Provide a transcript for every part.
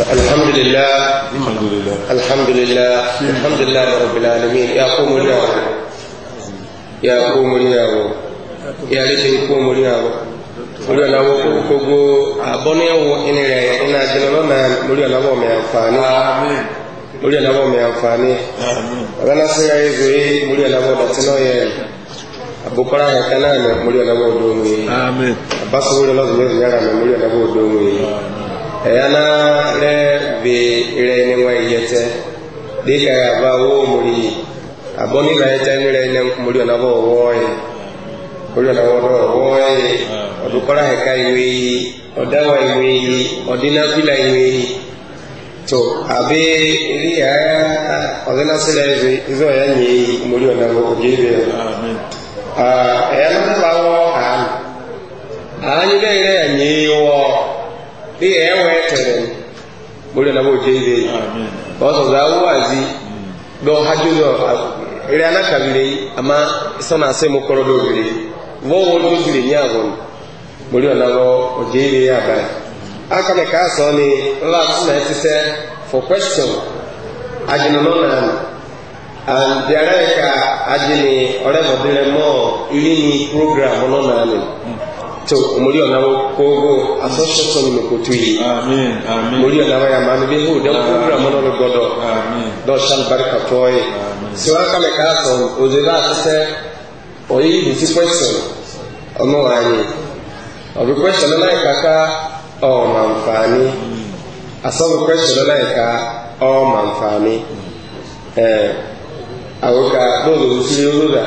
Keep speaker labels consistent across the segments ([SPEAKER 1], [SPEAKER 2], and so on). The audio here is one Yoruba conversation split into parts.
[SPEAKER 1] الحمد لله الحمد لله الحمد لله الحمد لله رب العالمين يا قوم يا رب يا قوم يا رب يا ليش قوم يا رب lórí ọ̀làwọ̀ gbogbo àbọ́níyàwó inú rẹ̀ iná jẹnlọ́nà lórí ọ̀làwọ̀ mẹ́ àǹfààní lórí ọ̀làwọ̀ mẹ́ àǹfààní ọ̀lànàṣẹ́ ẹgbẹ́ lórí ọ̀làwọ̀ dàtínọ́yẹ àbúkọ́rá kankanáà mẹ́ lórí ọ̀làwọ̀ odò omi àbáṣọ́wọ́lọ́gbẹ̀ẹ́ yana re be ire ni yete wo muri yete na bo wo yi muri na wo wo yi odukora he kai wi odawa wi odina bila wi to abe ya odana sele izo ya ni muri na wo ge be amen ah yana Anyị ere ya ni wo dai ya yawa ya tare buri na boje ile ba su za wazi don hajjo da rana kabire amma sana sai mu koro dogire wo wo dogire ni agon buri na bo ya ka so ni la na ti for question ajinu no na and there program to muri ona wo kogo asosho so ni mkutui amen
[SPEAKER 2] amen muri ona wa yamani
[SPEAKER 1] be oh, ho da kura mono lo godo amen do shan barka toy amen so akale ka so ozeba se oyi ni ti question ọmọ wa ni ọbi question na ikaka ọ ma nfani asọbi question na ika ọ ma nfani eh awoka dozo si yoruba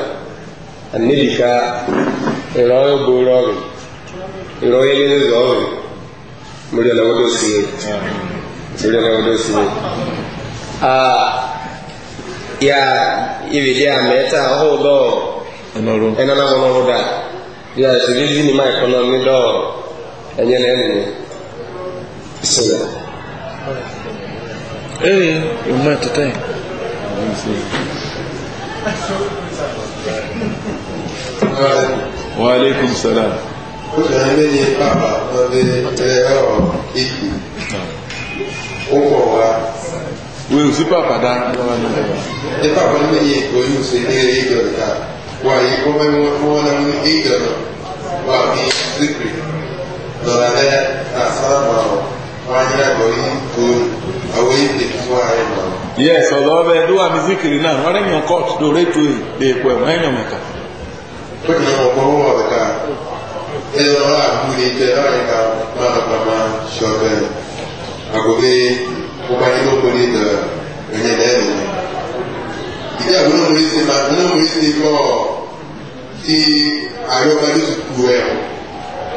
[SPEAKER 1] anibika ìrọ̀ ọgbọ̀rọ̀ rẹ̀ ìrọ̀yẹ́ lé lórí ọ̀rùn mórí ọlọ́wọ́dọ́ sí i mórí ọlọ́wọ́dọ́ sí i. ya ìrìlẹ̀ àmẹ́ta ọ̀húndọ̀ ẹnọ́nàmọ́nọ́rọ́dà bí a ṣe rí ní máa kọ́nà mí dọ̀ ẹ̀yẹ́ lẹ́nu mi. ìṣẹ̀lẹ̀.
[SPEAKER 3] ee
[SPEAKER 2] ìmọ̀ ẹ̀ otunyamini papa n'ọdị ẹọ ikwu ụkwụ ụwa
[SPEAKER 3] wee usi papa da
[SPEAKER 2] ndị papa mmiri ekwu onye usi n'ere ịgọrọ ka kwa ikwu nwa na nwa ịgọrọ ma bi zikri na ya na asara ma ọ na-agọ ihe nke olu ibe tupu anyị ma
[SPEAKER 3] yes ọzọ ọbẹ duwa mi zikiri náà wọn rẹ yan
[SPEAKER 2] do reto yi ekwe
[SPEAKER 3] wọn yẹn yan ó ti
[SPEAKER 2] wọ́n ká ele não é agulha inteira, manda para uma chove. Agora, o pai não pode dar, ele é dele. E daí, eu não me sei, mas eu não me sei como que a roupa do sucuel.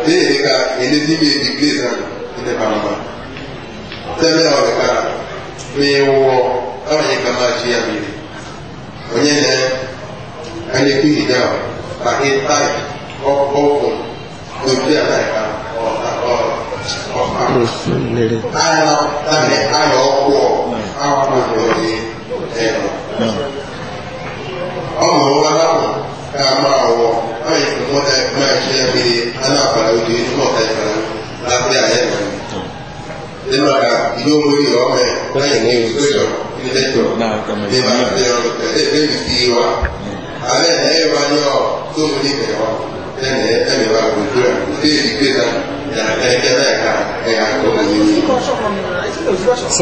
[SPEAKER 2] Ele fica, ele tem medo de igreja, ele é para uma. Também, olha, cara, meu, olha, ele é para uma tia minha. Onye na-elekere hijab, ma ị taị ọkụ ìgbé àtàkà
[SPEAKER 4] ọ̀pá ayọ̀ tàbí ayọ̀ ọ̀pọ̀ àwọn ọmọdé òní ẹ̀rọ.
[SPEAKER 2] ọmọ wa lápò ká máa wọ báyìí kò mọ ẹ máa ṣe é bí alábàá òde inú ọ̀gá ìgbà lábẹ́ ayé rẹ̀. nínú àgbà ìlú olórí ọmọ ẹ̀ báyìí ní ìgbésọ̀ ìdẹ́jọ́ ní bàbá ìdẹ́jọ́ ẹ̀ ẹ̀ bẹ́ẹ̀ bí wa alẹ́ ẹ̀ ẹ̀ wá ní ọ̀ tó ní ìbẹ̀rẹ̀ wa. ẹnìyẹn ẹnì a gbogbo ẹ téèdì na ta ẹnìyẹn ẹka ẹyà tó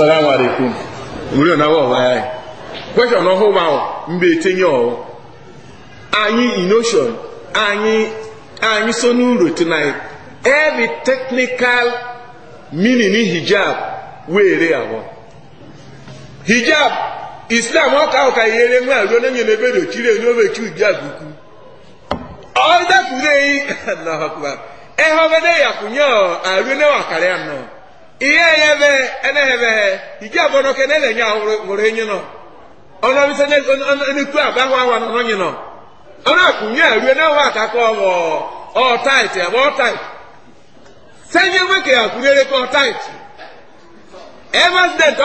[SPEAKER 2] lè alaikum wúlò náà wọ̀ wáyà yìí kwẹ́sọ̀n náà wa ọ̀
[SPEAKER 3] ń bẹ tẹ́yìn anyị inotion anyị anyị so n'uru tonight every technical meaning hijab were ahụ hijab islam ọka ọka ihere na nyere ebe enye obechi hijab ọ̀ọ́dá kùdé yìí lọ́hàkùbà ẹ̀họ́ bẹ́ẹ̀ dẹ́ yàkùnyẹ́ ọ̀ àrùn náà àkàrẹ́ àná ìyá ẹ̀yẹ bẹ́ ẹ̀nẹ́hẹ́ bẹ́ ìjì àbọ̀dọ̀kẹ́ ní ẹ̀lẹ́nyà wọ̀rẹ́ yín nọ ọ̀nà bí sẹ́ni ẹ̀nìkú àbáwọ̀ àwọn ọ̀nà yín nọ ọ̀nà àkùnyẹ́ àrùn náà wà kakọ́ ọ̀ ọ̀ táìtì àbọ̀ ọ̀ táìtì sẹ́ni ẹ̀mẹ́kẹ́ àkùnyẹ́rẹ́ kọ́ táìtì ẹ̀mẹ́sidẹ̀ntì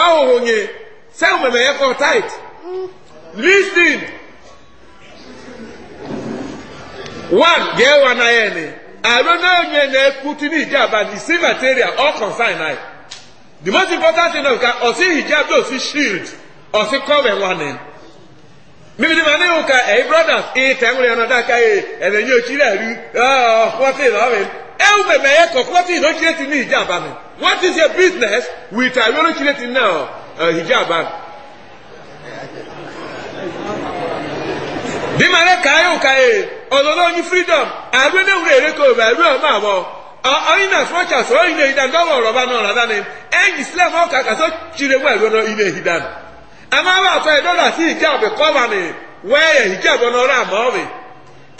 [SPEAKER 3] ọ̀hùn one yẹ wa na yẹ ni àlọ́ náà yẹ na ẹkú tí ní ìjàmbá ní sí material all concern náà the most important thing na ka ọ̀sí ìjàmbá ọ̀sí shield ọ̀sí cover wa ni mímí ni màá ní òun ka ẹ̀yin brothers ẹ̀yin tẹ̀wúrẹ́ ọ̀nà dáká yẹ ẹ̀rẹ̀ yóò kí rẹ̀ rí ọ̀kọ́tì lọ́wọ́ ẹ̀wù bẹ̀bẹ̀ yẹ kọ̀kọ́tì ló kí ní ìjàmbá ni what is your business with àlọ́ ló kí lẹ́tì náà ìjàmbá ni. bímọ̀rẹ́ káyọ̀ káyè ọ̀lọ́lọ́ ní freedom àgbẹ̀ náà wúlò èrè kòwé àrú ọ̀mọ̀ àwọ̀ ọ̀yìn náà fún ọ̀chà sọ̀rọ̀ ilé ìdánwò ọ̀rọ̀ bá náà rárá ni ẹ̀yìn islam ọ̀kà kàṣọ́ tirẹ̀ wọ̀ ẹ̀rọ ilé ìdánwò àmọ́ àwọn àfọ ìdọ́là sí ìjà ọ̀bẹ kọ́ba ni wẹ́ẹ̀yẹ̀ ìjà ọ̀bẹ náà rà mọ́ mi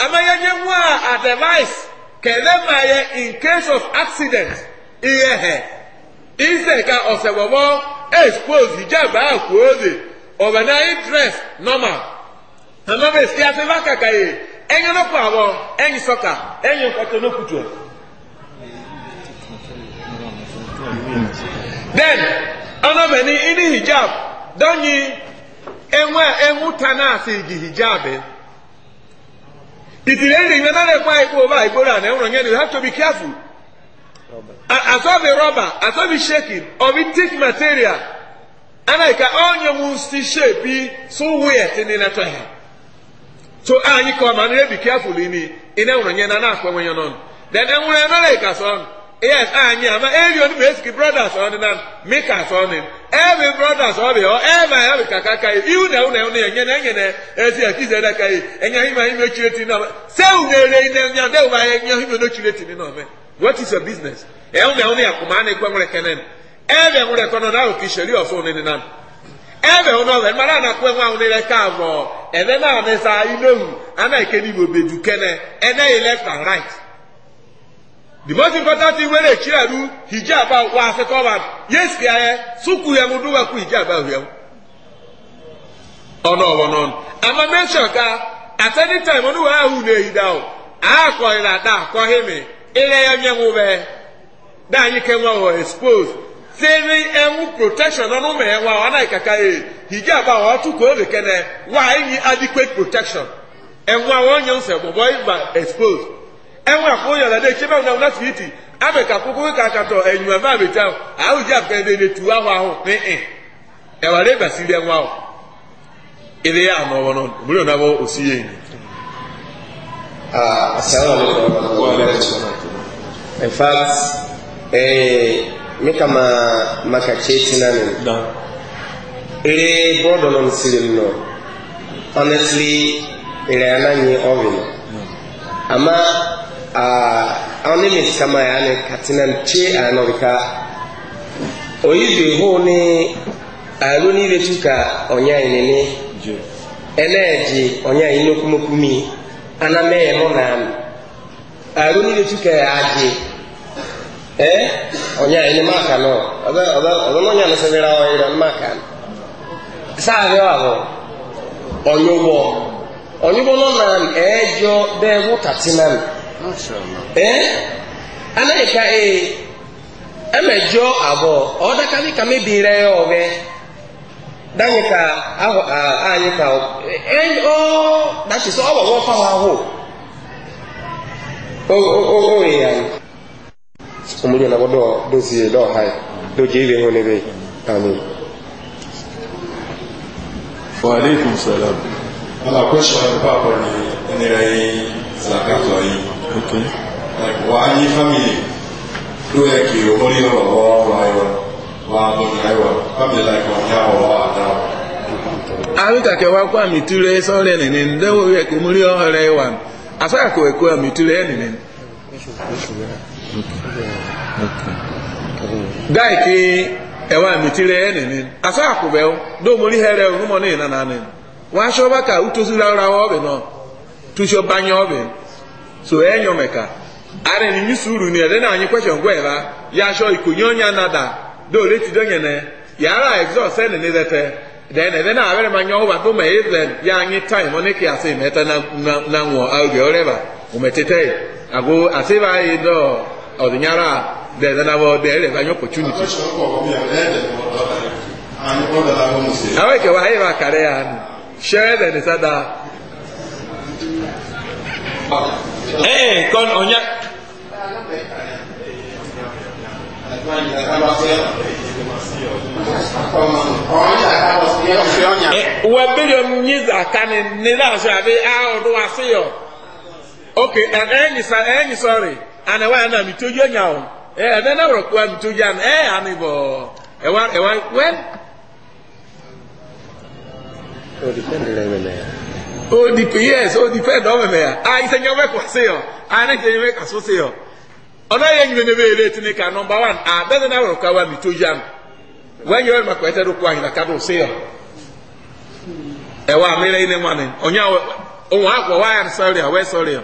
[SPEAKER 3] àmọ́ yẹn yẹn wọ́n advice kẹ̀lẹ́ máa yẹ in case of accident iye hẹ̀ ìṣe ka ọ̀sẹ̀ wọ̀wọ́ expose ìjà àgbà àkúrò ọ̀bẹ̀ náà dress normal. nana bɛ si ase va kaka ye ɛnyɛ no kɔ enyi ɛnyi sɔka ɛnyi nkɔtɔ no kutu then ɔno hijab dɔnyi enwe enwu ta igi hijab yɛ ìtìlẹ̀ ìrìn iná lè pa ipò bá ìgbóra àná ẹ̀wọ̀n yẹn ni you have to be careful asọ́bi rọ́bà asọ́bi shaking ọ̀bi thick material ana ìka ọ̀nyẹ̀wò sí shape so wear ti ní lẹ́tọ̀ yẹn. so anyị kọọ ma nire bikee afọ n'imi ina nwere nye na na-akpọ nwenye nọ then enwere emere ka sọ yes anyị ama eri onye mesiki brothers ọ dị na mika sọ dị every brothers ọ bụ ọ ever ya bụ kaka ka iwu na ụlọ ụlọ enye na enye na ezi ya kize da ka yi enye ahịma ime ochiri eti n'ọma se unere ine nya ndị ụwa ya enye ahịma ochiri eti n'ọma what is your business enwere ụlọ ya kwụma a na-ekwe nwere kenen ebe nwere kọnọ na ahụ ka isheri ọsọ ụlọ dị na ebe ụlọ ọbịa mara na kwe nwa n'ile ka abụọ ebe naanị sa inewu anaghịke n'igbo bedu kene eneghị left and right the most important thing were echiaru hijab wa afekọba yes ya ya sukwu ya nwudu wakwu hijab ahụ ya
[SPEAKER 2] ọnụ ọwọ n'ọnụ
[SPEAKER 3] amameshọ ka at any time ọnụ wee ahụ na-ehide ahụ a na ada akọghị m ire ya nye nwụbe da anyị ke nwa expose tẹ́rí ẹ̀wù protection ọ̀nà mẹ́ẹ̀ wá wọn náà kàkà yìí hìgí àbá wọn tún kò èrè kẹ́nẹ́ wá ẹ̀yìn adequate protection ẹ̀wù àwọn yẹn sẹ̀ bọ̀bọ̀ ma expose ẹ̀wù àfọyọ̀ lẹ́dẹ̀ ṣé báwo náà láti yìí abẹ́ka kókó kàkàtọ̀ ẹ̀yìn ẹ̀fà mi tẹ́ ọ àwọn ìjà kẹ́ndé lè tu àwọn ahọ́ pínpín ẹ̀wà rẹ̀ bàsí ilé ẹ̀wù
[SPEAKER 1] in fact. Eh, ne kama makacheti nani ere bọọdụ nọ nsiri nọ honestly ere anaghị ọrịa nọ ama ọnịmị kama ya ni katina nche anọrịka bi hụ ni arụ niile tuka onye anyị nene e ẹlẹ́ẹ̀dì onye anyị n'okwumokwumi anamẹ́yẹ hụ na arụ niile tuka ya adị eh onya ini makan no ada ada ada no nyana severa o ira makan sabe wabo onyubo onyubo no nan ejo de wutatinan mashallah eh ana ka e emejo abo oda kali kame bire oge danyi ka aho anyi ka
[SPEAKER 4] en o that is all what for
[SPEAKER 1] ho o o o yan umuri na bodo dozi do hai do jiri ngone be
[SPEAKER 3] amen wa alaikum salam
[SPEAKER 2] ana question ba ko ni ne rai zakato yi okay like wa ni family do ya e ki umuri na bodo wa wa wa do ni wa family like wa ya wa da
[SPEAKER 3] arụka kewa kwa mitụrụ esi ọrịa nene ndị wo ya e ka omori ọhụrụ ịwa asa ka ekwe mitụrụ ya nene gaa ike ewa mitire ene ni asa akube o do mori here o mo ni na na ni wa so ba ka uto ra ra o be no tu so banya o be so enyo meka are ni misuru ni ere na anyi question gwe ba ya so ikunyo nya nada do re ti do nyene ya ra exhaust ene ni zete then ebe na abere ma nyoho ba do me even ya anyi time o ni ki ase meta na na nwo auge oreba umetete ago aseba yi dɔ ɔdinyara dɛ danabɔ dɛ ɛlɛ fa nyɔ opportunity.
[SPEAKER 2] awo
[SPEAKER 3] ike wa ayi ma kari ya ni sɛ ɛlɛ ni sada. ee kɔn ɔnya. Eh, wɛ bilion nyi zaka ni ni la sɔ a bi a ɔdo wa se yɔ okay and any sorry any sorry and why na mi tojo nyawo eh na na ro kwa mi tojo an eh ani bo e wa e wa when
[SPEAKER 1] o depend le me me
[SPEAKER 3] o dip yes o depend o me me ah ise nyawo kwa a yo ana je nyawo kwa so se yo ona ye nyime me be le tini ka number 1 ah be na ro kwa wa mi tojo an when you ma kwete ro kwa ina ka do se yo e wa mi le ni mane onya o wa kwa wa ya sorry a we sorry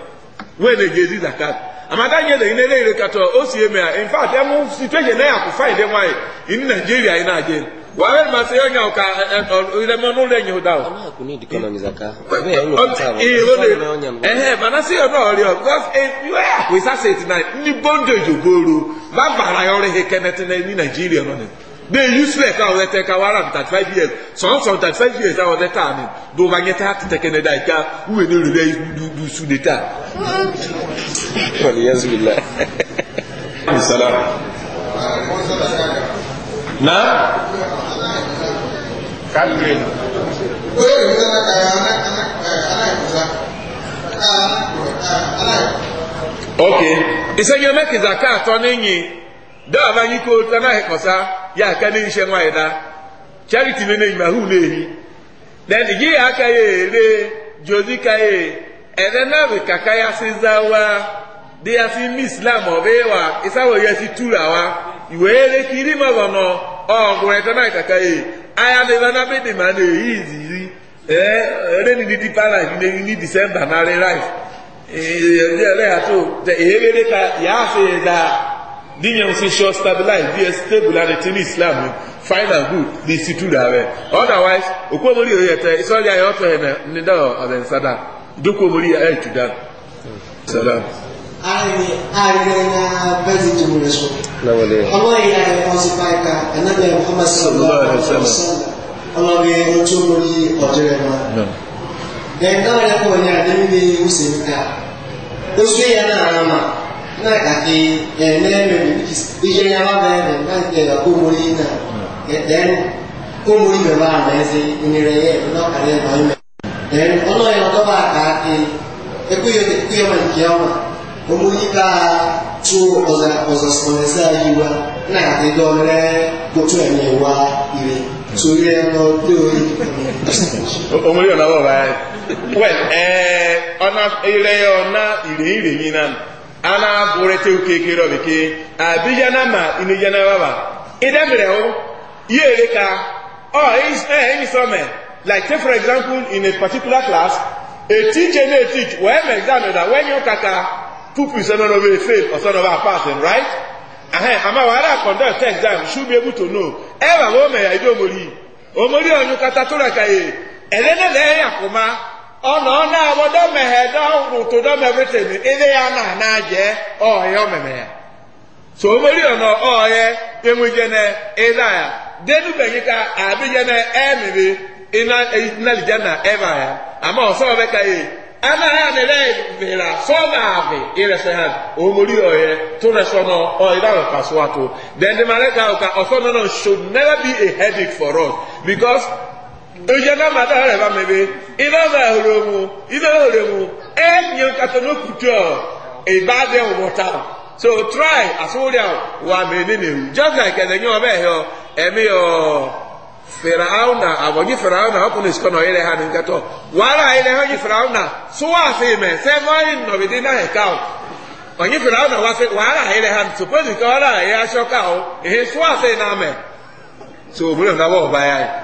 [SPEAKER 3] wey na-egezi zakat amada nye na ine na kata o si eme ya in fact emu situation na ya kụ fain dị nwanyị in nigeria anyị na-aje wa wee masị onye ọka ireme ụlọ enyi ụda ehe mana si ya n'ọrịa wee akwụ ịsasa etina ndị bondage ogoru ba bara ya ọrụ ihe kenet na naijiria nọ dey useless awo lɛ tɛ ka wa aram thirty 35 years Do sɔn sɔn to take years day lɛ who will do the Do do nyɛ taa tɛtɛ kɛnɛ da yi ka uwe ne lori ayi du du su de ta. wali yazu bila. na. kalbi. ok. ìsènyɛmɛ kìzà káàtɔ ní yìí. dọba anyị ka otu anaghị kọsa ya aka na-ehiche nwaanyị na charity na na-eyi mahụ na-ehi then gị aka ya ere jodi ka ya ere nabi ka ya si zawa dị ya si ime islam ọ bụ ịwa ịsawo ya si turawa wee rekiri ma ọ nọ ọgwụrụ ete naghị kaka ya aya dịba na be dị ma na-eyi izizi ee renini dị palas na-eyi disemba narị rice ee ya eleghata ehebere ka ya asị daa dínyẹn sì sọ stabilize bí ẹ stable and ti ní islam ni fine and good bí situ rà rẹ otherwise òkú omori yóò yẹ tẹ ìsọ̀rí ayé ọ̀tọ̀ yẹn ní dá ọ̀rẹ́ nsádà dúkú omori ayé ìtúdá. Ari
[SPEAKER 4] ari na bẹ́ẹ̀ni jẹ́mu rẹ̀ sọ. Ọlọ́ ìyá rẹ̀ kọ́ sí páìkà ẹ̀nàmẹ̀ Muhammad sallallahu alayhi wa sallam ọlọ́rẹ̀ ojú omori ọ̀jẹ̀ rẹ̀ náà. Ẹ̀ka rẹ̀ kọ̀ ní àdéhùn ní ìwúsẹ̀ níta. Oṣù yẹn náà rà máa náà kàkí ẹ̀ẹ́nẹ́rẹ́ iṣẹ́ yẹn wá mẹ́rin láti tẹ̀ ẹ̀ka kómori náà ẹ̀ẹ́dẹ́rù kómori mẹ́rin wá mẹ́sẹ̀ ìnira yẹ ọlọ́kàrẹ́ ẹ̀ báyìí mẹ́rin ẹ̀ẹ́n ọlọ́yìn ọ̀dọ́ bá kàkí ẹkúyọ ẹkúyọ mọ̀ nìkẹ́ ọmọ omori ká tó ọ̀zà ọ̀zà sọ̀rọ̀sẹ̀ ayé wa náà kàkí dọ́ọ̀rẹ́ kótó ẹ̀mí
[SPEAKER 3] wa ire torí ẹ̀ lọ dé orí. omori ọ̀nà wọ̀ báyìí ọ̀nà ilẹ̀ ọ̀nà ìrèyìn ana burete ukeke robe ke abijana ma inijana baba idemre e ho yere ka oh is eh any some like take for example in a particular class a teacher may teach when exam that when you kaka two percent of a fail or sort of a passing right ahem ama wara conduct exam should be able to know ever wo me ya ido mori omori onyu kata to ra ka e elene le ya kuma ọnà ọ̀nà àwọ̀dọ́ mẹ̀hẹ̀dọ́ òtòdọ́ mẹ̀rẹ́tẹ̀mí ịdị ya náà na ya so omori ọ̀nà ọ̀ọ́yẹ enwejene ilé ya denu ka àbíyẹnẹ ẹ̀mìrì iná na ẹ̀mà e e, ya àmọ́ ọ̀sọ́ ka yìí e, ya nílẹ̀ ìfìlà sọ́ọ̀bà àbì ìrẹsẹ̀ hàn omori ọ̀sọ́ never be a headache for us because onye na amada ọrịa ba mebe ibe ọba ahụrụ onwu ibe ahụrụ onwu enyi nkata n'okwute ọ ịba dị ọmụta so try asụrị ahụ wa ma eme na ewu just like eze nye ọba ehe ọ eme ọ fere ahụ na abọgị fere ahụ na ọkụ na esikọ na ọyere ha e e na nkata wara anyị na onye fere ahụ na sụwa afọ ime sebe anyị nọbidi na heka ahụ onye fere na wasị wara anyị na ha suppose nke ọra anyị achọ ka ahụ ihe sụwa afọ ị na-amị so obodo na-agba ọba ya e.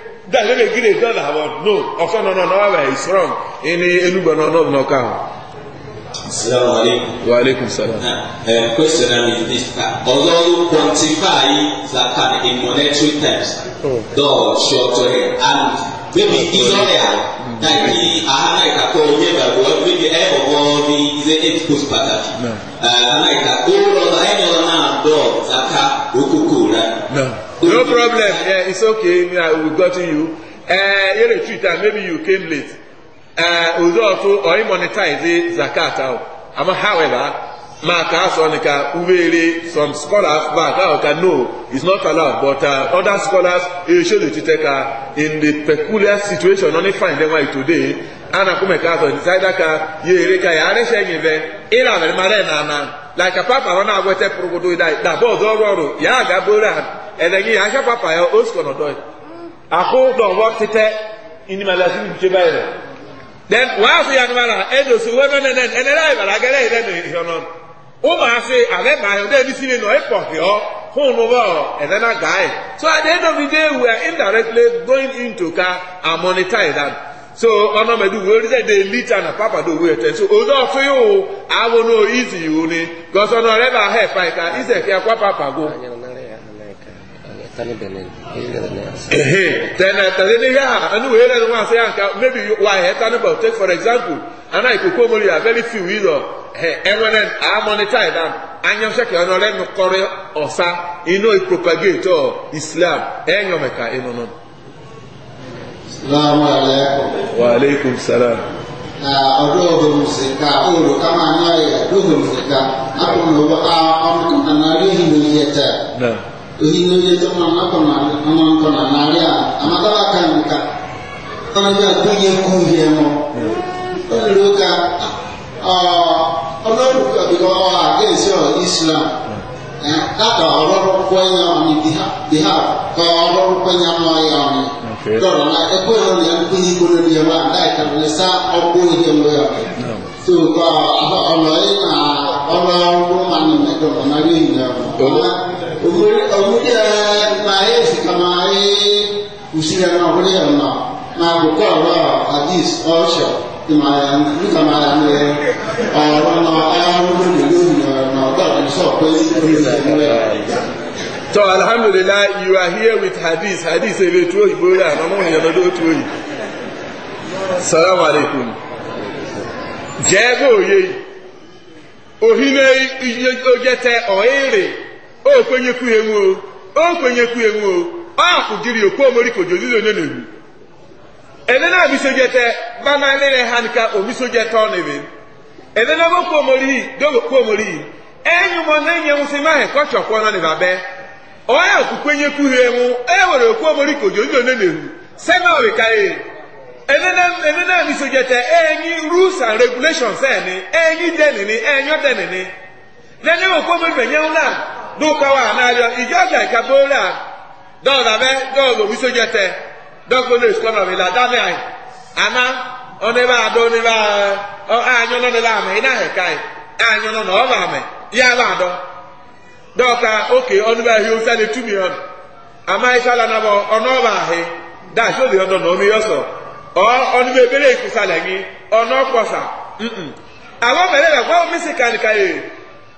[SPEAKER 3] that lady grade don that one no ọkọ nọ nọ nọwa wẹ is wrong ẹni enugbe nọ nọ nọ káwọn. asalaamu aleykum. wa aleykum salaam. ẹ eh, question am is this ọzọ uh, ló quantify zakat in monetary terms
[SPEAKER 4] dọọ ṣọtọ ẹ and maybe israel nàìjí ahana ìkàkọ onye gbàgbọ maybe ẹ ọwọ ní ilé eight post pàtàkì ahana ìkàkọ
[SPEAKER 3] ó rọra ẹ yọrọ náà zakat okoko rẹ. No problem. Yeah, it's okay. We got you. Uh, you're a treater. Maybe you came late. Uh, also, or you monetize zakat out. Um, however, Mark Asonica, Uwele, some scholars back out can know it's not allowed, but uh, other scholars, you should take uh, in the peculiar situation only find them why today. Ana kume kazo inside ka ye reka ya are shenye ve ila e ve mare na na like a papa wana agwete progodo da da bozo roro ya ga bora ɛdɛgi ahyɛ papa yɛ osikɔ nɔdɔ yi ako dɔnbɔ titɛ inimalasi ni tse ba yi lɛ then wàásù yanu ma la ɛdò so wɛmɛ nɛnɛ ɛnɛrɛ ayi bala gɛrɛ yi dɛ nìyí hɔnɔ wọ́n máa ṣe àlẹ́ máa yọ̀ dẹ́ni sílẹ̀ náà ẹ̀ pọ̀ fìọ́ fún un bọ̀ ẹ̀dẹ́ náà gà ẹ̀. so at the end of the day we are indirectly going into car and monetize that. so ọ̀nà mẹ́tò wo orí sẹ́dẹ̀ lítà náà pápá tó wú ẹ̀tẹ́ so òótọ́ fún yóò àwọn oníṣìí yìí ó ní gọ́sọ̀nà rẹ́bà hẹ́ẹ̀ fà ìka ìṣẹ̀kẹ́ pápá pàgó
[SPEAKER 1] kani bene ili bene
[SPEAKER 3] eh tena tazidi ya anu wele nwa se anka maybe why he tanu but take for example ana ikoko mori ya very few either eh enwenen a monetize them anyam se ke ono le no kore osa ino i propagate o islam enyo meka ino no salamu alaikum wa alaikum salam
[SPEAKER 4] ọdún ọdún mùsìkà oòrùn ká máa ní ayé ọdún ọdún mùsìkà akọni ọba ọmọkùnrin náà rí ìlú yẹtẹ oyin ní oye tó ma ma kọ na ọmọ nkọ na nàárẹ a amadala ka nka ọmọ bí a gbé yẹ kó yẹ mọ olùdó ka ọlọ́run kọ̀bí kọ́ ọ àgẹ́sí ọ islam data ọlọ́run kwenya ọ̀nì bìhá kọ́ ọlọ́run kwenya n'ọ̀yà ọ̀nì dọ̀rọ̀ na ẹgbẹ́ yẹn ní ẹgbẹ́ yìí kó lórí ẹ̀ máa dáì kàbí ní sá ọgbọ́n yìí ló yọ ọ̀kẹ́ tó kọ́ ọlọ́run ọlọ́run máa ń mẹ́tọ̀ ọ̀nà rí ìyá ọ̀nà omulya naye fika naye usira nahulya na nakukola hadis osho
[SPEAKER 3] nkamayamire ọlọnà ayélujára na ọgbàdùn sọ pé ìrìnà ìmúlẹ̀ so alhamdulillah you are here with hadith hadith ebe tuwo igbo rẹ àná mọ ìyànà ló tuwo yìí salamu alaikum jẹ́ bó yẹ yìí òhìn náà ó jẹ́ tẹ ọ̀hẹ́rẹ̀ o kwenyekwu enwu o kwenyekwu enwu o akụjiri okwu omori kojo zizo onye na-egbu enena bisojete bana lere ha nka obisojete ọ na-ebe enena bokwu omori dogokwu omori enyumo na-enye nwụsị mahe kọchọ kwọ na nibabe onye okukwenyekwu ha enwu e were okwu omori ka zizo onye na-egbu e senowi ka e enena bisojete enyi rules and regulations eni enyi denini enyo denini nene okwu omori benyenwu na dúkọ wà n'abíọ ìjọ ọjà ìkàgbọ́ rẹ̀ à dọ́ọ̀dà bẹ́ dọ́ọ̀dà òbí sójà tẹ dọ́kọ̀ lè sùkọ́ nà mí là àyè àná ọ̀nẹ́bà àdó ọ̀nẹ́bà ọ̀ nílà àmẹ́ iná ẹ̀ka yìí àyàn nọ́ ọ̀bà àmẹ́ yá bà dọ́ọ̀ka ókè ọ̀nẹ́bà ọ̀nà àmà ọ̀nà ọ̀bà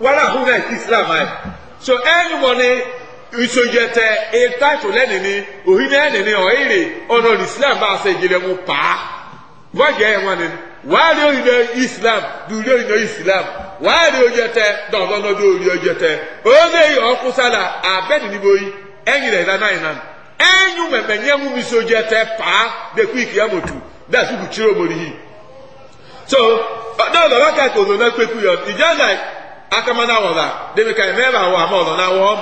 [SPEAKER 3] wala kun ka islam ayi so ẹni mọni ìsojẹtẹ ìtaìtò lẹnìní òhìn lẹnìní ọ̀hìnrè ọ̀nà islam bá a sẹ ìjìnlẹ̀ mu paa wọ́jà ẹ̀ wọn ni wàá rí òyìnbó islam dùrí òyìnbó islam wàá rí òjẹtẹ dọ̀gbọ́n ọdún òrí òjẹtẹ òde yìí ọkùn sálà abẹ́ni níbo yìí ẹ̀yìn rẹ̀ dáná yìí náà ẹ̀yìn mẹ̀mẹ̀ yẹn mú mi sojẹtẹ paa dẹ́kun ìkìyàmọ̀tù dẹ́sùkù tí ó mọ̀ nìyí so ọ̀dọ́ ọ̀dọ́ wákàtí òzò náà pẹ́kú yọ ìjọ́ náà akama na awɔla demi ka mɛ ba wɔ ama ɔlɔ na wɔm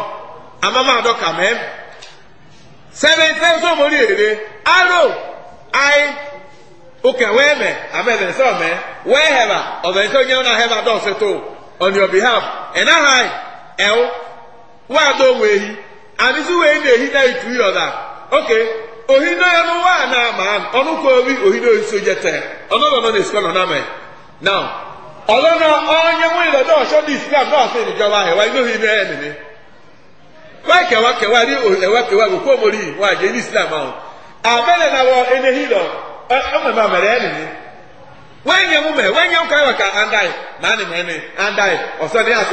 [SPEAKER 3] ama ma dɔ ka mɛ sɛbɛn fɛn sɔ ere aro ayi oke wɛɛ mɛ amɛ lɛ sɔ mɛ wɛɛ hɛba ɔbɛn sɔ nyɛ na hɛba dɔ se to on your behalf ɛna ha ɛwo wa do wo ehi anisi wo ehi na ehi na itu yɔ la oke ohi na yɛ no wa na ama ɔnu ko obi ohi na oyi so jɛ tɛ ɔnu lɔ no na esukɔ nɔ na mɛ now. ọ̀lọ́nà ọ̀nyẹ́mú ìlọ́dọ̀ ọ̀ṣọ́ ní islam náà sí ìjọba ẹ̀wá inú ìlú ẹ̀ nìní wáyé kẹwà kẹwà rí ẹ̀wá kẹwà òkú òmòrì wà jẹ́ ní islam abẹ́lẹ̀ náà wọ lọ ọmọ mẹ̀rẹ̀ káyọ̀ ká andai mẹ́ni andai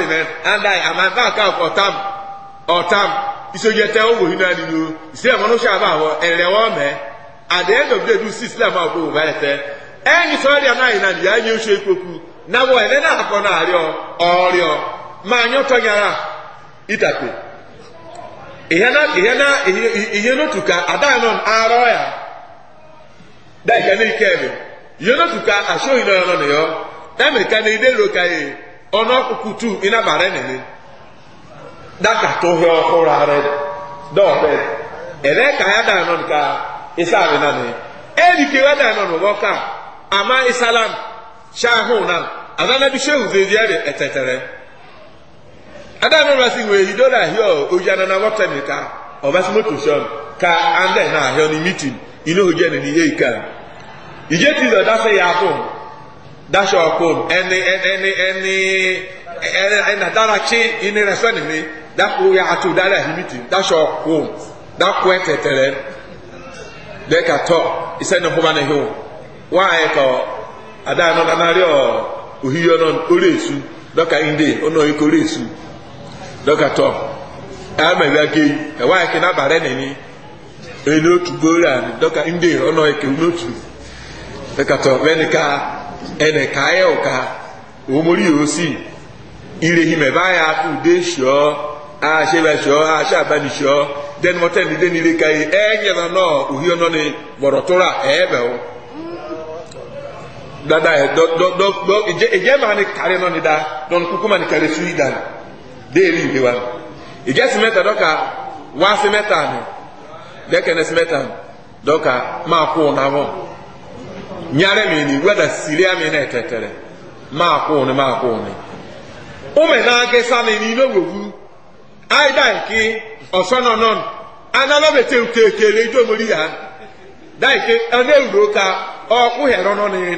[SPEAKER 3] mẹ́ andai owó yìí náà nínú islam ọ̀nù ṣàbà wọ wọ́n mẹ́ àdéhùn dòdò sí islam sọ́ọ́dì àná na wọ ẹlẹ na kọ náà rịọ ọrịọ máa nyọ tọnyara itakpe ihe na ihe na ihe n'otu ka adaa nọ arọ ya da ihe na ike ebe ihe n'otu ka asọghị nọ nọ nịọ eme ka na ide ka ye ọnụ ọkụkụ tu ịnabara nịnị daka tụhị ọhụrụ ara dọọbụ ebe ka ya daa nọ ka ịsa abịa nanị erikewa daa nọ n'ụbọ ka ama ịsalam shahụ na. anana bi sehu zezia de ɛtɛtɛrɛ Ada mi ma si wo eyi do na ahiɔ oyi anana wɔtɛ mi ka ɔba si moto sɔm ka andɛ na ahiɔ ni mitin inu oyi ɛna ni eyi kan ìjẹ́ ti zọ̀ dáṣẹ́ yà fún dáṣẹ́ ọkùn ẹni ẹni ẹni ẹna dára kí iní rẹ sọ́ni mi dákú yà àtú dára ìhìmìtì dáṣẹ́ ọkùn dákú ẹ̀tẹ̀tẹ̀rẹ̀ dẹ́ka tọ́ ìsẹ́ni fún wa ni hiu wọ́n àyẹ̀kọ́ adáyẹ̀nọ́ dáná rí ọ̀. òhìyọ náà oríṣu dọ́kà inde ike ikọ̀ oríṣu dọ́kà tọ́ ẹ̀ẹ́mẹ̀lẹ́ gé ẹ̀wá ẹ̀kẹ́ nàbàrẹ́ nìní ẹni otu gbóòrà ni dọ́kà inde ọ̀nà ikẹ̀ onotu dọ́kà tọ́ bẹ́ẹ̀ni ká ẹnì ká osi ọ̀ka òmórí yóò sì ilé dada yɛ dɔ dɔ dɔ dɔ ìjɛ ìjɛ maa ni kari nɔ ni da dɔn kuku ma ni kari suyi da ni deeli yi de wa ìjɛ simɛta dɔ ka waa simɛta ni dɛkɛnɛ simɛta ni dɔ ka maa kó na wɔ nyarɛ mi ni wɛda siriya mi na tɛtɛrɛ maa kó ni maa kó ni ɔmɛ naa kɛ sani ni ilé wowu ayi da yi ki ɔsɔnɔ nɔn anana bɛ tew tekele idomori ya da yi ki ɛnɛ wuro ka ɔkú hɛrɛ nɔ ni.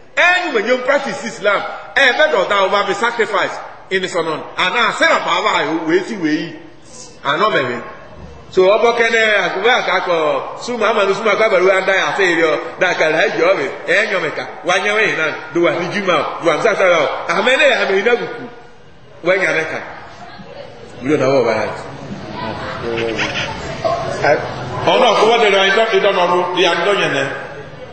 [SPEAKER 3] ẹnu you practice islam ẹ bẹ dọ̀dá ọba be sacrifice ìnìsọ̀nà àná sẹ́nà bàbá wèé sí wèé yìí àná mẹ̀mẹ́ so ọbọ kẹnẹ àgùnbẹ àkàkọ súnmọ amànú akọ agbábẹrẹ wa dá ọ dàkàrà ẹjọ ọbẹ ẹyẹnyọ mẹka wà nyẹ wẹyìn do wà ní ọ do wà ní sàtàrà ọ àmẹ ní àmẹ iná gùkù wẹnyà mẹka
[SPEAKER 2] wúlò náà wọ báyà.
[SPEAKER 3] ìdánwò ìdánwò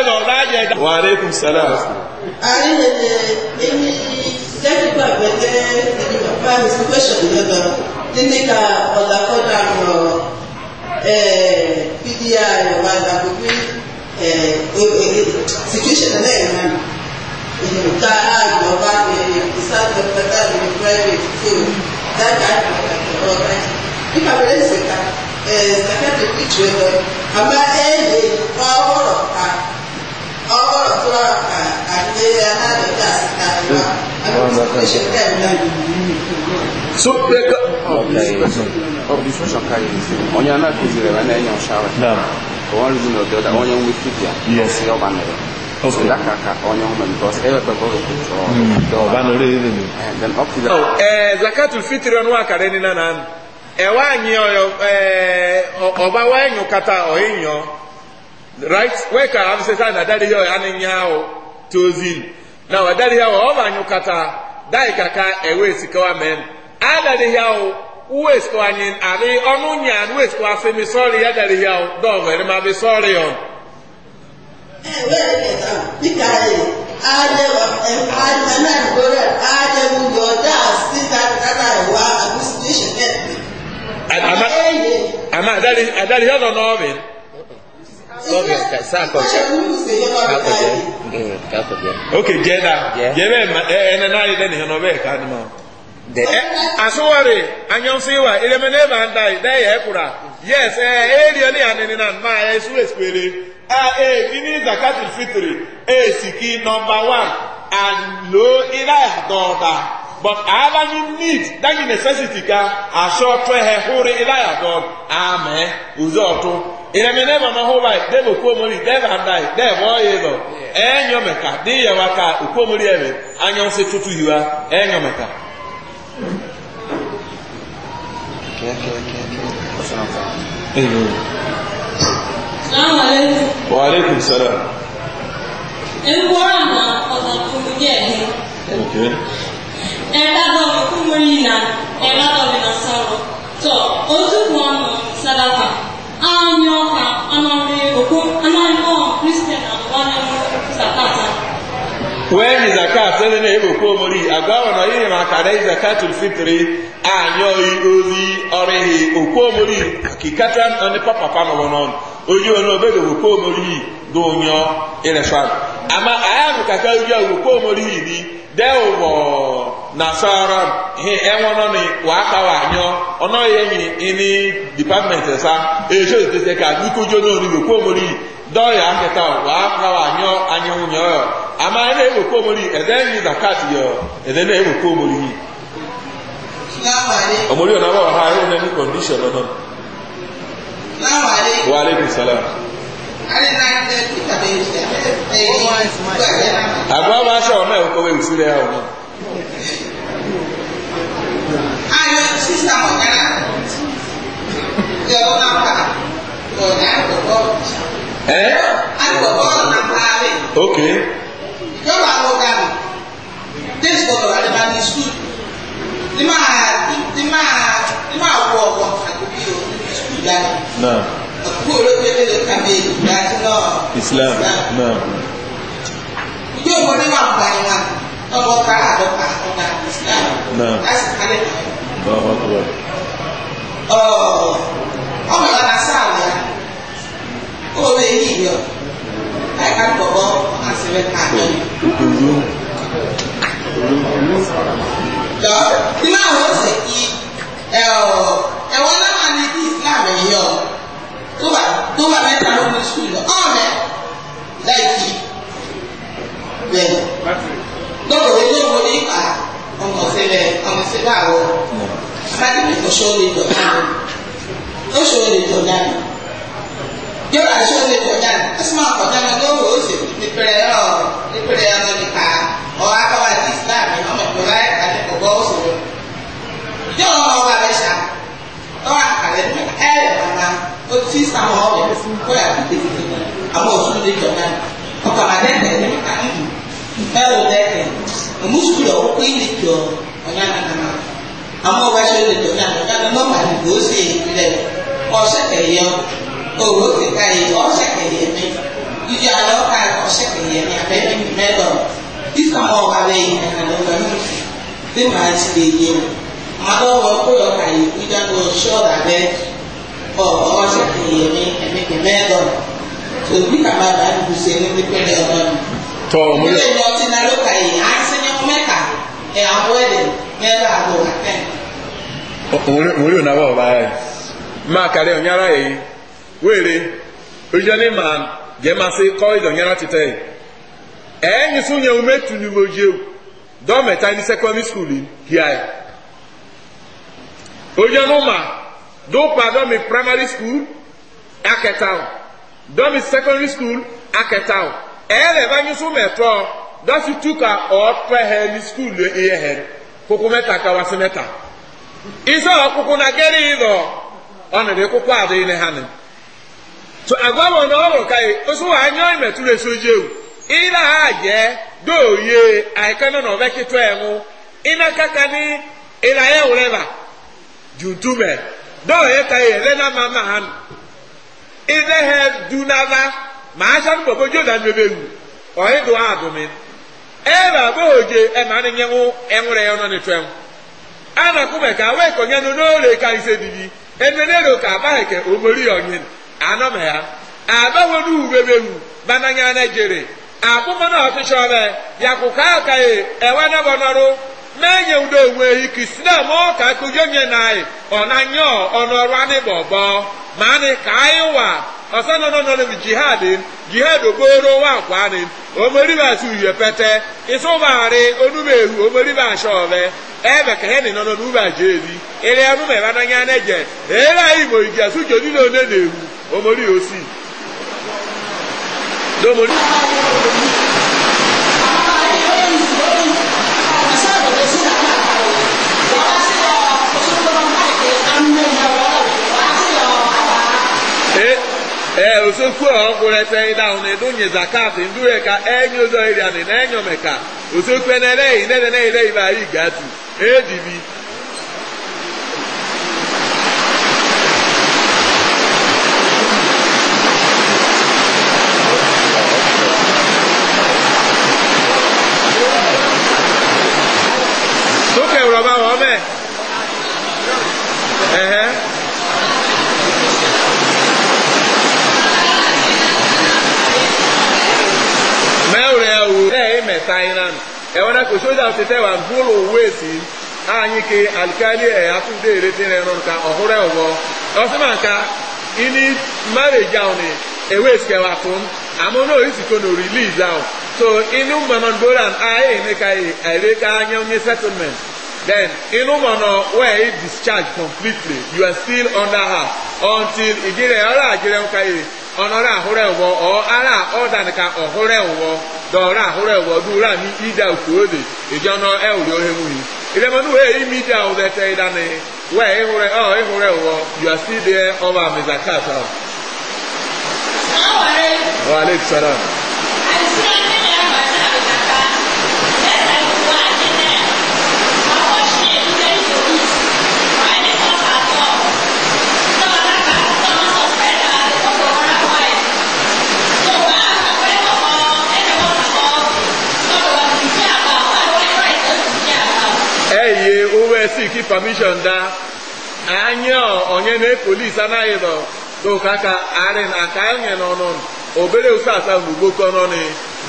[SPEAKER 3] ẹ̀rọ ráyà ẹ̀dá. wà á rékùn sálà.
[SPEAKER 4] àárín ẹ̀jẹ̀ èmi dẹ́kun àgbẹ̀dẹ́ ẹni bàbá mi fún pẹ̀sọ̀n lọ́dọ̀ nínú ìka ọ̀làkọ́dà àrùn ọ̀rọ̀ pdi wà lágbègbè situation náà ẹ̀ náà ìlúta àgbọ̀ bá mi ìsáàtọ̀ pátá mi private school dáadáa àgbọ̀ ọ̀rọ̀ náà nípa bẹ̀rẹ̀ ìsìnká ẹ̀ẹ́dẹ́gbẹ̀rẹ̀ ìjọ lọ àmọ́ ẹ̀ẹ́dẹ́ ọ̀rọ̀ ká ọgọ́rùn tó rà àti
[SPEAKER 2] aládọ́ta síta ìwà àti ìṣẹ̀dá ìlànà so beka ọbi sọ onye anaghị
[SPEAKER 1] kụziri ya na enye ọshara for one reason or eh, the other onye nwe fibia ọsị ọba nere
[SPEAKER 3] then up to that ee zakatul fitri ọnụ akara enina na anụ ewe anyị ọba wa enyo eh, kata ọenyo right weka abisesa na dali hiyo yani nyao oh, tozin na wadali hiyo oh, ova nyukata dai kaka ewe sikawa men adali hiyo uwe sikawa nyin ari onu nyan uwe sikawa femi sorry adali hiyo dove rima be sorry on
[SPEAKER 4] Ade wa ade na gore ade mu goda sita kana wa administration net.
[SPEAKER 3] Ama ama adali adali hiyo no no oke jeda jebe ene na ile e, ni ka ni ma de e, siwa e, yes eh area na ma ya su eskwere ah eh ini zakatul fitri eh siki number 1 and lo ila doda but ala ni need that you ka aso otu he hore ila ya god amen uzo ìrẹ̀mí náà màmá hó báyìí dẹ́bù kú omori dẹ́bù àdáyì dẹ́bù ọ̀yẹ́ lọ ẹ̀ẹ́nyọ́ mẹ́ka díyẹ̀ wá ká òkú omori ẹ̀mí anyọ́nsẹ́ tuntun yìí wá ẹ̀ẹ́nyọ́ mẹ́ka. wa na
[SPEAKER 4] ẹ̀ka lọ mi na
[SPEAKER 5] sọ̀rọ̀ tọ̀ ojú anyoka anori oku ananyo christian anwana zakata
[SPEAKER 3] where is zakat sẹ́ni ní ìbò kú omori àgbáwọn náà yìí máa kàdé zakat olfitiri àyàn orí ọrẹ́hìn òkú omori kìkátà ní pápá pàmò wọn náà ojú ọ̀nà ọbẹ̀ òkú omori donyɔ ilẹ̀fà àmà àyàfù kàkà ojú ọ̀rọ̀ kó omori yìí ni dẹ́wò wọ̀ nasara hin ẹ̀wọ̀n ni wàá ká wà nyọ ọ̀nà yẹn ni ní department ẹ̀sà èyí tó ti tẹ̀ ká níkojú náà ni anyị omori yìí dọ́ọ̀yà akẹta wàá ká wà omori e zakat e omori àgbà máa ṣe ọmọ ẹ̀kọ́ wẹ̀ òsì rẹ̀ ọmọ.
[SPEAKER 4] ayọ sísá ọ̀gáná ti ọ̀rọ̀ náà pa lọ́ọ̀dà àgbọ̀bọ̀.
[SPEAKER 3] ẹ. àgbọ̀bọ̀ náà pa rẹ̀. ok.
[SPEAKER 4] yọ̀bà ló dànù this bọ̀dọ̀ àdìbà ní sùn ní máa ní máa ní máa wọ ọ̀gbọ̀n àgbègbè òní sùn dání. náà kúrò pépé ló kàbí ìdájú náà.
[SPEAKER 3] islam náà.
[SPEAKER 4] yóò wọlé wà ń báyìí wá tọwọ ká àdọkà ọgbà islam. náà láti kálẹ̀ náà. báwa tó wà. ọmọ ìlànà lásán àná kó o lè yí ìyọ láì ká gbọ̀gbọ́
[SPEAKER 2] àṣìwẹ̀ káàdọ̀ yìí. lọ
[SPEAKER 4] nínú àwọn ọ̀sẹ̀ yìí ẹ̀wọ̀n náà wà ní islam yìí ọ̀ tó wà tó wà mẹ́ta ló ní sùn lọ ọ̀ mẹ́ láìkì bẹ́ẹ̀ lọ́wọ́ wo ló wọlé ipa ọmọ fẹlẹ ọmọ fẹlẹ àwọ amadede ọṣọ lè dọ̀ dání ọṣọ lè dọ̀ dání yọ̀rọ̀ àṣọ lè dọ̀ dání ọṣọ máa kọ̀ dání lọ́wọ́ ó sì nípẹ̀rẹ̀ ọ̀ nípẹ̀rẹ̀ ọmọ nípa ọ̀ akọ́wà tí islam ọmọ ìgbọ̀lá ẹ̀ka ní ọgbọ́ ó sọ̀rọ̀ yọ̀rọ̀ ọba mẹ́ta ọwọ́ àkàlẹ̀ ẹ̀rẹ̀ mama. sista wɔ hɔ kɔɛ ama osu de jɔ nan ɔkama ne ne ne ka ndu ɛwɔ bɛ kɛ ɔmu suku la ɔkɔ yi de jɔ ɔnya nanana ama ɔba sɛ de jɔ nan ɔnya nanana ɔma ne ko ose yi lɛ ɔsɛ kɛyɛ owó keka yi ɔsɛ kɛyɛ mi didi alɛ ɔka ɔsɛ kɛyɛ mi abɛ mi mɛ lɔ sista wɔ hɔ abɛ yi nanana ɔma mi de ma ti de yɛ o ma lɔ wɔ kó yɔ ka yi didi alɛ ɔsɛ ɔda bɛ. ọ̀rọ̀ ọ̀ṣẹ̀ kì í yẹmi ẹ̀mí kì mẹ́ẹ̀dọ̀n òbí kàmá bá sí ẹni ní pẹ́ẹ́lẹ́ ni. tọ́ ọmọ yẹn. ilé ìlọtí náà ló kà yìí á sí ní mẹ́ka ẹ̀ àbọ̀ ẹ̀dẹ̀ mẹ́ẹ̀dọ̀
[SPEAKER 3] àbọ̀ kàkẹ́. wòlé ò náwó ọba rẹ máa kàrí ọ̀nyára yìí wéèrè jẹ́ máa ṣe kọ́ yìí yẹn o dọ́ọ̀mẹ̀ta ní skul yìí kíá yìí dụkwa dọmi praịmarị skuul aketaụ dọmi secondary school aketaụ ebe anyị sụ metọ dọsi tuka ọtọ ehe ni skuul ihe he kwụkwụ meta kawasị meta isi ọkwụkwụ na gere ịlọ ọ nọrọ ekwụkwọ adịghị na ha nị so agwagwo na ọrụ ka osu anya imetụrụ eso jewu ịla ha jee dooye aikana na ọbekịtụ enwụ ni ịla ya wụreba dɔw yɛ ka yɛ lɛ n'ama ma hã no ɛdɛ hɛ du maa bɛ wu ɔyɛ do a domi ɛyɛba bɛ odze ɛma ne nye ŋu ɛŋurɛ yɛ ɔnɔni tɔɛ ŋu ana kó ka awɛ kɔ nye no ka ise didi ɛnɛ ne do ka aba yɛ kɛ omori ɔnyin anɔ mɛ ya aba wu bɛ bɛ wu ne na bɛ yakuka ka yɛ ɛwɛ ne bɔ na-enye udo onwe ike si na ama ọka akụjọ nye na anyị ọ na anya ọnụọrụ anyị bụ ọgbọ ma anyị ka anyị wa ọsọ nọ nọ nọ jihad jihad ogboro wa akwa anyị omeribas uhie pete ịsụbagharị onubehu omeribas ọve ebe ka henị nọ n'ube aja eri ịrị anụ ma ịba n'anya na-eje ere anyị igbo iji asụ ji na one na-ewu omori osi domori osokwu eh, eh, ọgwụrete ịdahụ na-edonye zakat ndure ka enye ụzọ iri anị na enyo meka osokwu na-ereghị nede na-ereghị bari gatu edibi ẹ̀dá ti tẹ́wà gbóòlò owó èsì ke àlìkálí ẹ̀ àtúndé ìrètí rẹ̀ nù ká ọ̀húnrẹ́ ọ̀wọ́ ọ̀sùnmọ̀nká ìní márèjì àwọn ni ewé èsì kẹwàá tó àmọ́ náà kò àwọn so inú mọ̀nà dóran ààyè ní ká ká settlement then inú mọ̀nà where discharge completely you are still under her until ìdí rẹ̀ ọ̀rọ̀ àjẹrẹ̀ ń ọ̀nọ́rà ahụrụ ọ̀wọ́ ọ ara ọ̀dànìkà ọ̀húrẹ́ ọ̀wọ́ dọ̀ọ̀rà àhúrẹ́ ọ̀wọ́ dúrà ní ìdá òkú òde ìjọ́nà ẹ̀wùrẹ́ ọ̀hẹ́mú yìí ìrẹ́mọ́nú wẹ́ẹ́ ìmí ìdá ọ̀dẹ̀tẹ̀ ìdáni wẹ́ẹ́ ìhúrẹ́ ọ̀ you are still there ọba mr carter. wàhálà iji permission da anya onye na polisi anaghị nọ n'ụka ka arị na aka enye n'ọnụ obere usa asa n'ugboko n'ọnụ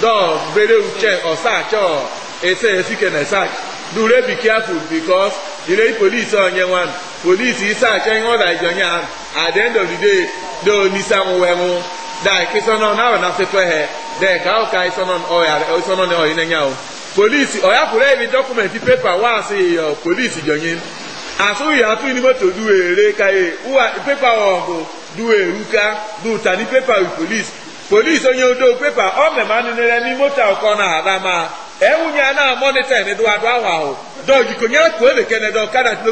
[SPEAKER 3] dọọ bere uche ọsa achọ ese esike na esa dure be careful because ire polisi onye nwan polisi isa achọ ihe ọ daji onye ahụ at the end of the day dọọ n'isi anwụwa enwụ daa kesọ nọ na-awụ na nsịtụ ehe dee ka ọ ka isọ nọ ọyị nenye ahụ polisi ọ̀yàpùrọ̀ ẹ̀mí dọ́kúmẹ̀ntì pépà wá sí ọ̀ polisi jọ̀nyẹ́ àsóyè àtúnyìn ní mọ́tò dúró èrè káyé wúwa pépà ọ̀gù dúró èrúkà dúró tà ní pépà polisi polisi onye odo pépà ọ̀mẹ̀mà nínú rẹ ní mọ́tò ọkọ náà àdá máa ẹ̀wùnyà náà mọ́nítà ẹ̀ ní dùn àdó àwọn dọ́ọ̀jì kò nyẹ́ kó kẹ́nẹ́ kádà tó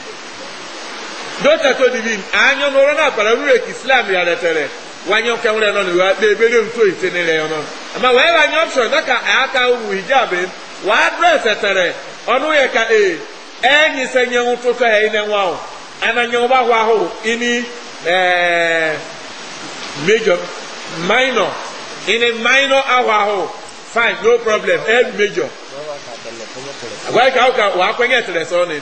[SPEAKER 3] dota to divin anyo islam ya letere wanyo ke wure no ni wa ama we ba nyo option aka wu hijab wa dress etere onu ka e enyi se nye ntuto he ne nwa ana nyo ba hwa ho ini eh, major minor minor no problem major ni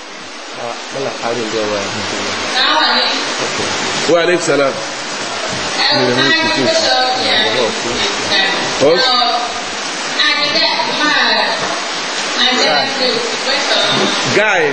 [SPEAKER 3] wa aleykum salaam. Guy. Guy.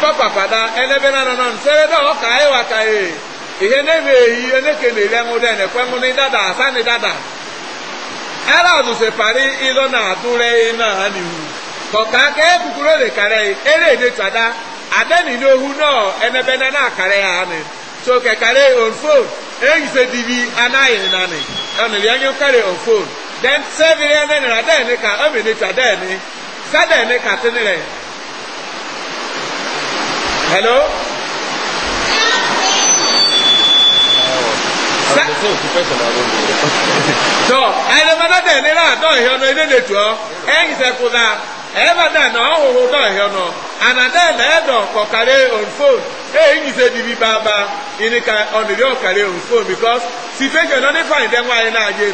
[SPEAKER 3] papapata enebe na nọ nsebe dọ ọka ịwa ka ee ihe na-eme ehi eneke na-eri enwụ dị na-ekwe nwụ na ịdada asa na ịdada ara ọzụzụ pari ịlọ na-atụrụ na ha n'iwu kọka aka ekwukuru ole karịa ere ede tada adani ohu e na enebe na na-akarị ha nị so kekarị onfon eyise dibi anaghị nanị ọ nịrị onye karị onfon den seviri ene nịra deni ka o meneta deni sadeni ka tinire hello so ẹnìmọ́dá dẹ̀ nílá àdọ́ ìhẹ́ ọ̀nà ilé nìtú ọ ẹ̀yìn sẹ́kùnà ẹ̀ẹ́mọ̀dá ẹ̀nà ọ̀hùhù dọ̀ ìhẹ́ ọ̀nà ànàdá ẹ̀nà ẹ̀dọ̀ kọ̀kàrẹ́ ònfóòn ẹ̀yìn sẹ́ dìbí bàbá ìníkà ọ̀nìrí ọ̀kàrẹ́ ònfóòn because situation ọ̀nìfàìndẹ́wọ̀n ayé náà na mi.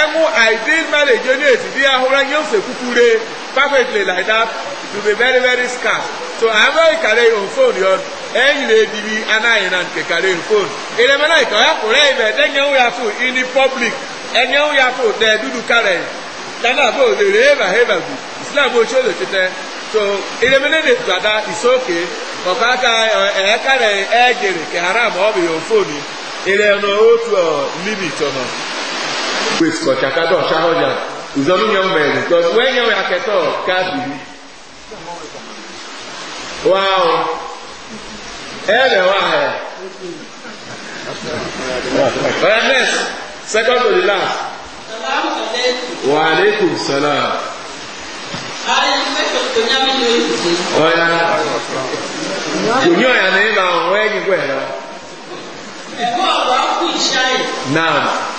[SPEAKER 3] emu ideal marriage onye di ya hụrụ ose kwukwure perfectly like that to be very very scarce so amaghị karị on phone yon enyere edibi anaghị na nke karị phone elemena ka ya ebe denyewu ya fụ ini public enyewu ya fụ na edudu karịa dana bụ olere eba heba bụ islam ochie so haram ọ bụ ya otu nọ wait kɔtsa kadɔ Is only young men. because when wɛ are ya kɛtɔ kaasi wow ɛlɛ wa yɛ ɔyɛ next second to the last. wa aleykum salaam.
[SPEAKER 4] ayi n bɛ kɛ konya mi n'o
[SPEAKER 3] ye. ɔya konya yɛ ne ba o wɛ nyi kɔɛ la.
[SPEAKER 4] ɛfɔ wa kun sa
[SPEAKER 3] ye.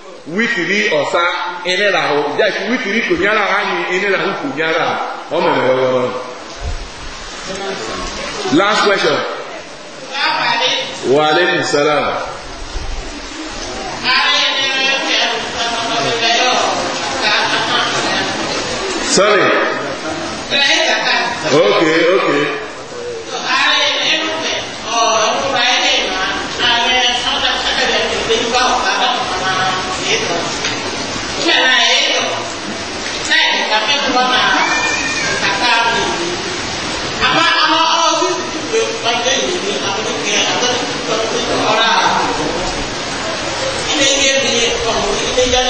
[SPEAKER 3] wítìrí ọ̀sá ìnira o jẹ́sí wítìrí kò nyára ányi ìnira o kò nyára o ọmọ ẹ̀rọ wọ́n. last question. wa aleykum sorry. okay okay.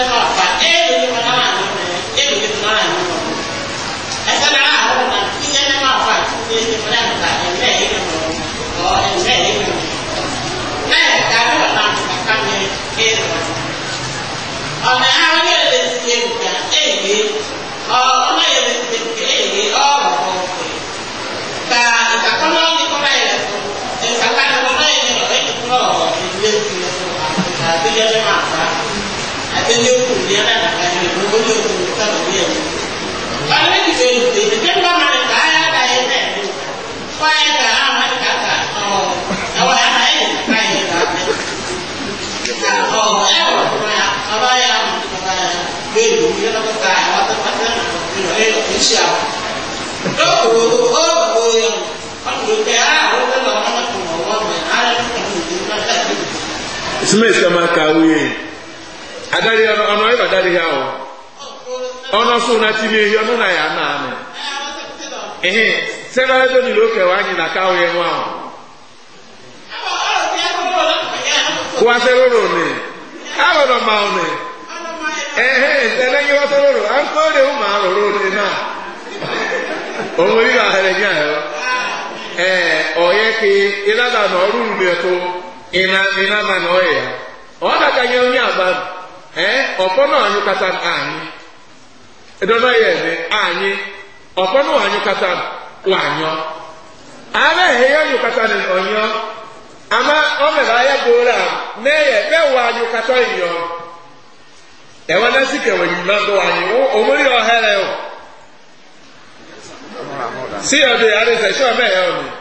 [SPEAKER 3] Gracias. wanyu kata anyi edono yɛde anyi ɔkɔ no wanyu kata wanyɔ ama ehe yɔnyu kata ne ɔnyɔ ama ɔmɛba ayɛ goora ne yɛ bɛ wanyu kata nyɔ ɛwɔ na sika wɔ nyima do wanyi wo omori ɔhɛrɛ o si yɛ de adi sɛ sɛ ɔmɛ yɛ ɔni.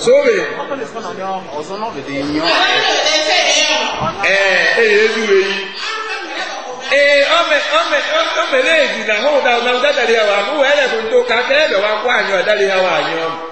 [SPEAKER 3] sóbè. ẹ ẹ yẹ ezu eyi ee ọmọ ọmọ ọmọ eléyìí nà hó dàwọn dàdàlẹ yà wà mú tó kàkẹ́ ẹ bẹ kó àyàn dàlẹ àyàn.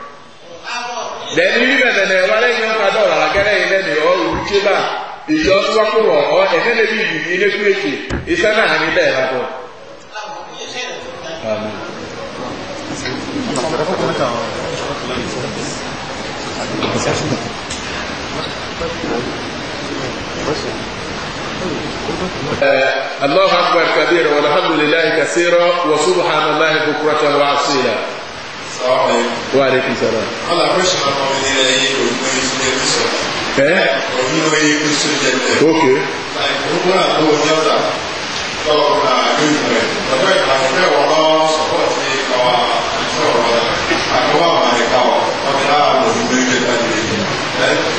[SPEAKER 3] lẹ́nu yìí bẹ̀rẹ̀ nẹ̀ wà lẹ́yìn ọ̀ka dọ̀là àgẹ́rẹ́ yìí lẹ́nu ọ̀ òrùké bá ìjọ sọ́kùrọ̀ ọ̀ ẹ̀fẹ́ lè bí ìlú ní ilé kúrèkè iṣẹ́ náà ní bẹ́ẹ̀ lábọ̀. الله أكبر كبير والحمد لله كثيرا وسبحان الله بكرة
[SPEAKER 2] وعصيلا Wa aleykum salaam. Wala question ọmọ mi ni ẹyẹ òyìnbó yìí ti lẹ́nu sọ. Ẹ. Òyìnbó yìí ti sọ jẹ bẹ́ẹ̀. Ok. Gbogbo náà tó o jẹ́ ọ̀dà tó o kà lóyún rẹ̀. Bàbá ìpàdé bẹ́ẹ̀ wọ́n lọ sọ̀pọ̀tì ọ̀wà àti ọ̀rọ̀ àkọ́wà àmàlẹ́ká ọ̀ ọ̀dà òyìnbó yìí jẹ́ bẹ́ẹ̀ lóyún.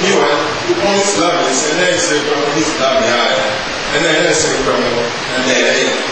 [SPEAKER 2] Níwẹ̀ wọ́n Islam ẹ̀sẹ̀ náà ẹ̀sẹ̀ pẹ̀lú Islam yára ẹ̀ ẹ̀ náà ẹ̀sẹ̀ pẹ̀lú ẹ̀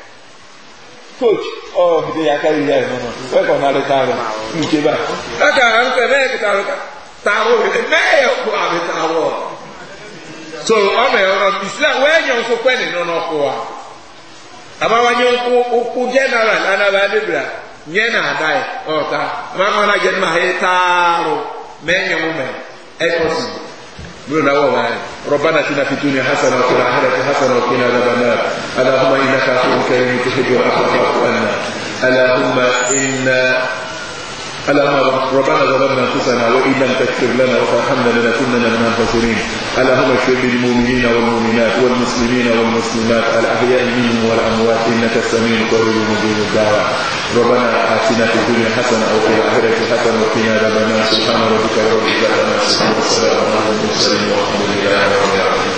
[SPEAKER 3] coach ọ bìtẹ̀ ya kárí yà ẹ̀nà wẹ́kọ̀ náà lè taarọ̀ nìké bá. Bákan àwọn ọ̀sẹ̀ bẹ́ẹ̀ دون ربنا اتنا في الدنيا حسنه وفي
[SPEAKER 2] الاخره حسنه وقنا عذاب النار اللهم انك عفو كريم تحب العفو فاعف عنا اللهم انا اللهم ربنا ظلمنا انفسنا وان
[SPEAKER 3] لم تغفر لنا وترحمنا لنكونن من الخاسرين اللهم اغفر للمؤمنين والمؤمنات
[SPEAKER 2] والمسلمين والمسلمات الاحياء منهم والاموات انك السميع القريب مجيب الدعوه ربنا اتنا في الدنيا حسنه وفي الاخره حسنه وقنا عذاب النار سبحان ربك رب العزه عما يصفون والسلام على المرسلين والحمد لله رب العالمين